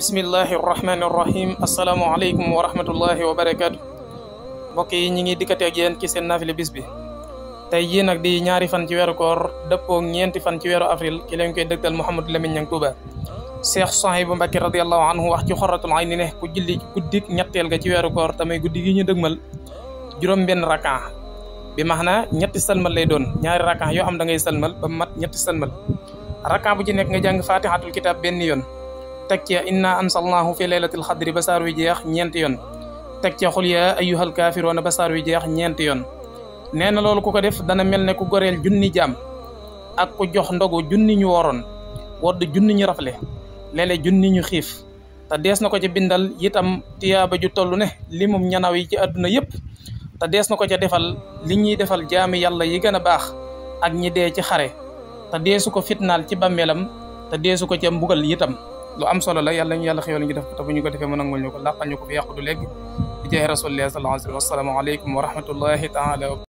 bismillahirrahmanirrahim Assalamualaikum warahmatullahi wabarakatuh. wa mbokk yi ñi ngi dikkati ak yeen ci seen nafile bis bi tey jii nag di ñaari fan ci weeru koor dëppoo ñeenti fan ci weeru avril ki leen koy dëgtal Mouhamadou Lamine Niang Touba Cheikh sahibu mbacke radiallahu anhu wax ci xoratul ayni ne ku julli guddik ñetteel ga ci weeru koor tamay guddi gi ñu dëgmal juróom benn rakan bi max na ñetti salmal lay doon ñaari rakan yoo xam da ngay salmal ba mat ñetti salmal rakan bu ci nekk nga jàng fatihatul kitab benn yoon teg ca inna ansalnaahu fi laylatil xadri ba saar wi jeex ñeenti yoon teg ca xul yaa ayyuhal kaafiroona ba saar wi jeex ñeenti yoon nee na loolu ku ko def dana mel ne ku goreel junni jaam ak ku jox ndogu junni ñu woroon wodd junni ñu rafle léeg-léeg junni ñu xiif te dees na ko ca bindal itam tiyaaba ju toll ne limum ñanaaw yi ci àdduna yëpp te dees na ko ca defal li ñuy defal jaami yàlla yi gën a baax ak ñi dee ci xare te deesu ko fitnaal ci bàmmeelam te deesu ko ca mbugal itam lu am solo la yàlla ñu yàlla xéwal ñu def ko te bu ñu ko defé mo nangul ñuko ko làqal ñu fi yaqdu du bi jeh rasulullah sallallahu alayhi wa sallam asalaamaaleykum wa rahmatullahi taala